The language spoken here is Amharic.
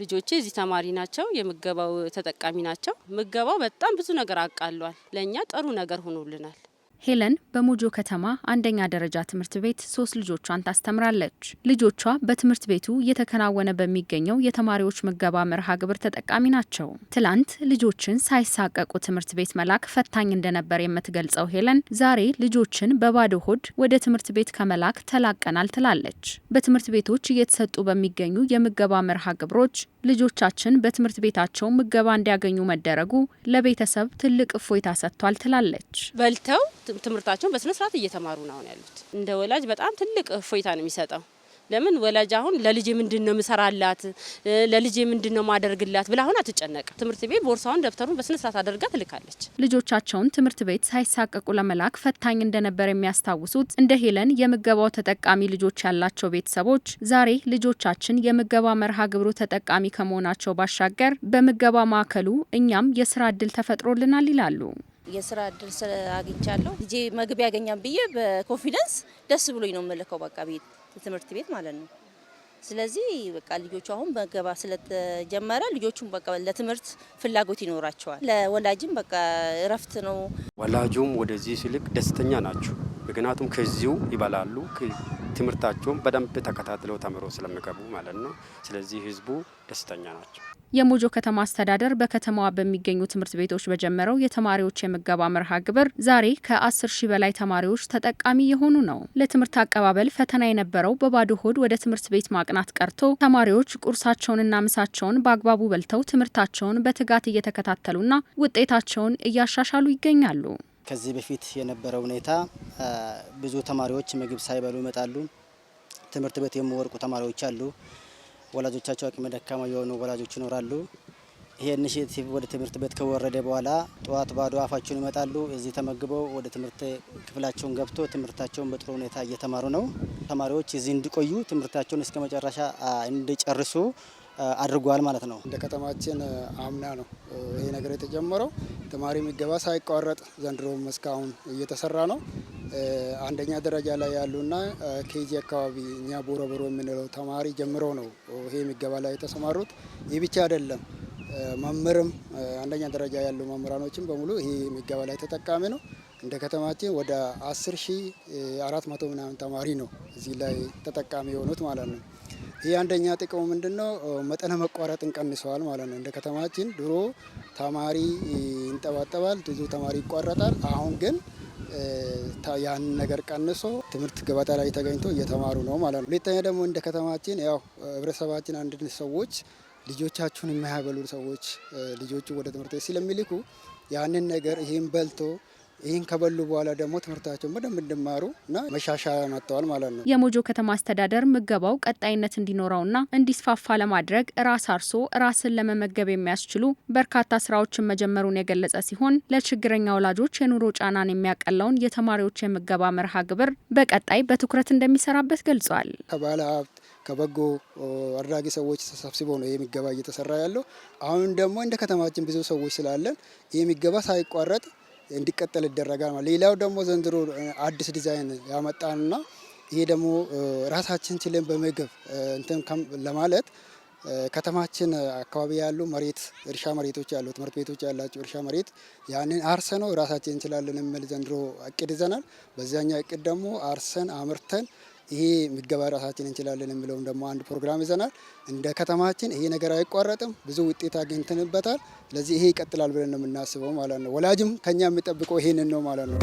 ልጆቼ እዚህ ተማሪ ናቸው። የምገባው ተጠቃሚ ናቸው። ምገባው በጣም ብዙ ነገር አቃሏል። ለእኛ ጥሩ ነገር ሆኖልናል። ሄለን በሞጆ ከተማ አንደኛ ደረጃ ትምህርት ቤት ሶስት ልጆቿን ታስተምራለች። ልጆቿ በትምህርት ቤቱ እየተከናወነ በሚገኘው የተማሪዎች ምገባ መርሃ ግብር ተጠቃሚ ናቸው። ትላንት ልጆችን ሳይሳቀቁ ትምህርት ቤት መላክ ፈታኝ እንደነበር የምትገልጸው ሄለን ዛሬ ልጆችን በባዶ ሆድ ወደ ትምህርት ቤት ከመላክ ተላቀናል ትላለች። በትምህርት ቤቶች እየተሰጡ በሚገኙ የምገባ መርሃ ግብሮች ልጆቻችን በትምህርት ቤታቸው ምገባ እንዲያገኙ መደረጉ ለቤተሰብ ትልቅ እፎይታ ሰጥቷል ትላለች። በልተው ትምህርታቸውን በስነ ስርዓት እየተማሩ ነው ያሉት። እንደ ወላጅ በጣም ትልቅ እፎይታ ነው የሚሰጠው። ለምን ወላጅ አሁን ለልጅ ምንድን ነው ምሰራላት፣ ለልጅ ምንድን ነው ማደርግላት ብላ አሁን አትጨነቅ። ትምህርት ቤት ቦርሳውን፣ ደብተሩን በስነ ስርዓት አድርጋ ትልካለች። ልጆቻቸውን ትምህርት ቤት ሳይሳቀቁ ለመላክ ፈታኝ እንደነበር የሚያስታውሱት እንደ ሄለን የምገባው ተጠቃሚ ልጆች ያላቸው ቤተሰቦች ዛሬ ልጆቻችን የምገባ መርሃ ግብሩ ተጠቃሚ ከመሆናቸው ባሻገር በምገባ ማዕከሉ እኛም የስራ እድል ተፈጥሮልናል ይላሉ። የስራ እድል አግኝቻለሁ። ልጄ መግቢ ያገኛም ብዬ በኮንፊደንስ ደስ ብሎኝ ነው የምልከው በቃ ቤት ትምህርት ቤት ማለት ነው። ስለዚህ በቃ ልጆቹ አሁን መገባ ስለተጀመረ ልጆቹም በቃ ለትምህርት ፍላጎት ይኖራቸዋል። ለወላጅም በቃ እረፍት ነው። ወላጁም ወደዚህ ሲልክ ደስተኛ ናቸው። ምክንያቱም ከዚሁ ይበላሉ፣ ትምህርታቸውን በደንብ ተከታትለው ተምሮ ስለሚገቡ ማለት ነው። ስለዚህ ህዝቡ ደስተኛ ናቸው። የሞጆ ከተማ አስተዳደር በከተማዋ በሚገኙ ትምህርት ቤቶች በጀመረው የተማሪዎች የምገባ መርሃ ግብር ዛሬ ከ10 ሺህ በላይ ተማሪዎች ተጠቃሚ የሆኑ ነው። ለትምህርት አቀባበል ፈተና የነበረው በባዶ ሆድ ወደ ትምህርት ቤት ማቅናት ቀርቶ ተማሪዎች ቁርሳቸውንና ምሳቸውን በአግባቡ በልተው ትምህርታቸውን በትጋት እየተከታተሉና ውጤታቸውን እያሻሻሉ ይገኛሉ። ከዚህ በፊት የነበረ ሁኔታ ብዙ ተማሪዎች ምግብ ሳይበሉ ይመጣሉ። ትምህርት ቤት የሚወርቁ ተማሪዎች አሉ። ወላጆቻቸው አቅመ ደካማ የሆኑ ወላጆች ይኖራሉ። ይሄ ኢኒሽቲቭ ወደ ትምህርት ቤት ከወረደ በኋላ ጠዋት ባዶ አፋቸውን ይመጣሉ። እዚህ ተመግበው ወደ ትምህርት ክፍላቸውን ገብቶ ትምህርታቸውን በጥሩ ሁኔታ እየተማሩ ነው። ተማሪዎች እዚህ እንዲቆዩ ትምህርታቸውን እስከ መጨረሻ እንዲጨርሱ አድርጓል ማለት ነው። እንደ ከተማችን አምና ነው ይሄ ነገር የተጀመረው። ተማሪ የሚገባ ሳይቋረጥ ዘንድሮም እስካሁን እየተሰራ ነው። አንደኛ ደረጃ ላይ ያሉና ኬጂ አካባቢ እኛ ቦረቦሮ የምንለው ተማሪ ጀምሮ ነው ይሄ የሚገባ ላይ የተሰማሩት። ይህ ብቻ አይደለም፣ መምህርም አንደኛ ደረጃ ያሉ መምህራኖችም በሙሉ ይሄ የሚገባ ላይ ተጠቃሚ ነው። እንደ ከተማችን ወደ 4ት መቶ ምናምን ተማሪ ነው እዚህ ላይ ተጠቃሚ የሆኑት ማለት ነው። ይህ አንደኛ ጥቅሙ ምንድን ነው? መጠነ መቋረጥን ቀንሰዋል ማለት ነው። እንደ ከተማችን ድሮ ተማሪ ይንጠባጠባል፣ ብዙ ተማሪ ይቋረጣል። አሁን ግን ያንን ነገር ቀንሶ ትምህርት ገበታ ላይ ተገኝቶ እየተማሩ ነው ማለት ነው። ሁለተኛ ደግሞ እንደ ከተማችን ያው ህብረተሰባችን አንድ ሰዎች ልጆቻችሁን የማያበሉ ሰዎች ልጆቹ ወደ ትምህርት ቤት ስለሚልኩ ያንን ነገር ይህም በልቶ ይህን ከበሉ በኋላ ደግሞ ትምህርታቸውን በደንብ እንድማሩ እና መሻሻያ መጥተዋል ማለት ነው። የሞጆ ከተማ አስተዳደር ምገባው ቀጣይነት እንዲኖረውና እንዲስፋፋ ለማድረግ ራስ አርሶ ራስን ለመመገብ የሚያስችሉ በርካታ ስራዎችን መጀመሩን የገለጸ ሲሆን ለችግረኛ ወላጆች የኑሮ ጫናን የሚያቀለውን የተማሪዎች የምገባ መርሃ ግብር በቀጣይ በትኩረት እንደሚሰራበት ገልጿል። ከባለ ሀብት ከበጎ አድራጊ ሰዎች ተሰብስበው ነው የሚገባ እየተሰራ ያለው። አሁን ደግሞ እንደ ከተማችን ብዙ ሰዎች ስላለን የሚገባ ሳይቋረጥ እንዲቀጠል ይደረጋል። ሌላው ደግሞ ዘንድሮ አዲስ ዲዛይን ያመጣንና ይሄ ደግሞ ራሳችን ችለን በምግብ እንትን ለማለት ከተማችን አካባቢ ያሉ መሬት እርሻ መሬቶች ያሉ ትምህርት ቤቶች ያላቸው እርሻ መሬት ያንን አርሰነው ራሳችን እንችላለን የሚል ዘንድሮ እቅድ ይዘናል። በዚያኛው እቅድ ደግሞ አርሰን አምርተን ይሄ ምገባ ራሳችን እንችላለን የሚለውም ደግሞ አንድ ፕሮግራም ይዘናል። እንደ ከተማችን ይሄ ነገር አይቋረጥም፣ ብዙ ውጤት አግኝተንበታል። ስለዚህ ይሄ ይቀጥላል ብለን ነው የምናስበው ማለት ነው። ወላጅም ከኛ የሚጠብቀው ይሄንን ነው ማለት ነው።